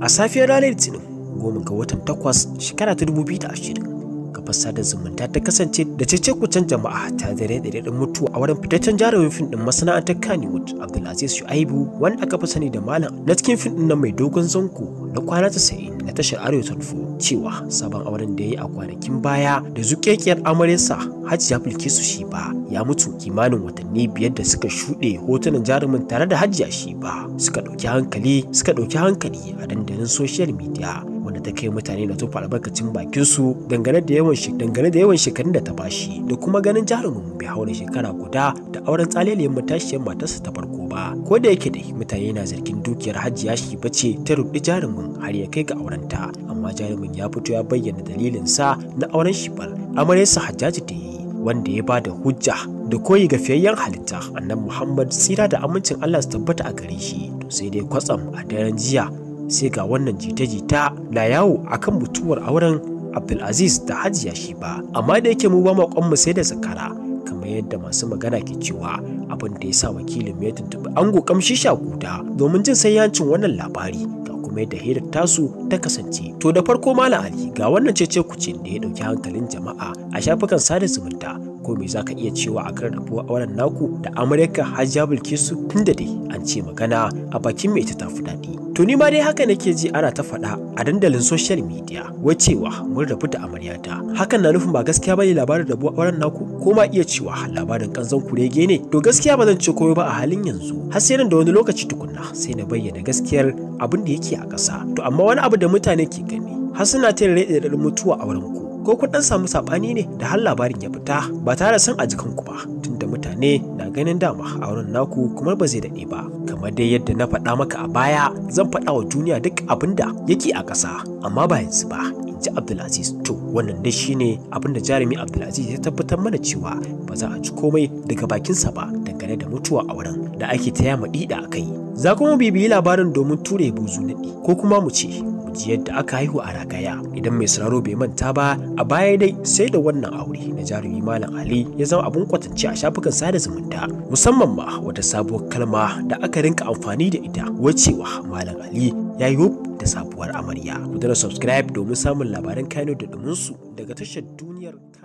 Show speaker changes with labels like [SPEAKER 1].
[SPEAKER 1] a safiyar ranar litinin goma ga watan takwas shekara ta dubu biyu da ashirin kafar sada zumunta ta kasance da cece kucen jama'a ta zare da daɗin mutuwa a wurin fitaccen jarumin fim din masana'antar Kannywood Abdulaziz Shu'aibu wanda aka fi sani da Malam na cikin fim ɗin nan mai dogon zanko na kwana 90 na tashar Arewa 24 cewa sabon auren da ya yi a kwanakin baya da zukekiyar amaryarsa su shi ba ya mutu kimanin watanni biyar da suka shuɗe hotunan jarumin tare da shi Shiba suka ɗauki hankali suka ɗauki hankali a dandalin social media da ta kai mutane da tufa albarkacin bakin su dangane da yawan dangane da yawan shekarun da ta bashi da kuma ganin jarumin bai haura shekara guda da auren tsaleliyar matashiyar matarsa ta farko ba ko da yake dai mutane na zargin dukiyar hajiya shi bace ta rubi jarumin har ya kai ga aurenta amma jarumin ya fito ya bayyana dalilin sa na auren shifar amaryarsa hajjaji ta yi wanda ya bada hujja da koyi ga fiyayyen halitta annan Muhammad tsira da amincin Allah su tabbata a gare shi to sai dai kwatsam a daren jiya sai ga wannan jita-jita na yawo akan mutuwar auren abdulaziz da hajiya shi ba amma da yake mu ba mu sai da zakara kamar yadda masu magana ke cewa abin da ya sa wakilin ya tuntuɓi ango kamshi shaguda domin jin sai yancin wannan labari ga kuma yadda hirar tasu ta kasance to da farko malam ali ga wannan cece kucin da ya ɗauki hankalin jama'a a shafukan sada zumunta ko me za ka iya cewa a kan rabuwar auren naku da amurka hajiya bilkisu da dai an ce magana a bakin mai ta tafi daɗi tuni ma dai haka nake ji ana ta faɗa a dandalin social media wacewa mun rabu da amaryata hakan na nufin ba gaskiya bane labarin rabuwar auren naku ko ma iya cewa labarin kanzon kurege ne to gaskiya ba zan ce komai ba a halin yanzu har sai nan da wani lokaci tukunna sai na bayyana gaskiyar abin da yake a ƙasa to amma wani abu da mutane ke gani har suna ta rade da mutuwa a wurin ku ko kun ɗan samu saɓani ne da har labarin ya fita ba tare san a ku ba tunda mutane na ganin dama a wurin naku kuma ba zai dade ba kamar dai yadda na faɗa maka a baya zan faɗa wa duniya duk abin da yake a ƙasa amma ba yanzu ba in ji Abdulaziz to wannan dai shine abin da jarumi Abdulaziz ya tabbatar mana cewa ba za a ci komai daga bakinsa ba dangane da mutuwa a wurin da ake taya maɗiɗa a kai za kuma bibiyi labarin domin ture buzu naɗi ko kuma mu ce ji yadda aka haihu a ragaya idan mai sauraro bai manta ba a baya dai sai da wannan aure na jarumi malam ali ya zama abun kwatance a shafukan sada zumunta musamman ma wata sabuwar kalma da aka rinka amfani da ita wacewa malam ali ya yi da sabuwar amarya ku da subscribe domin samun labaran kano da su daga tashar duniyar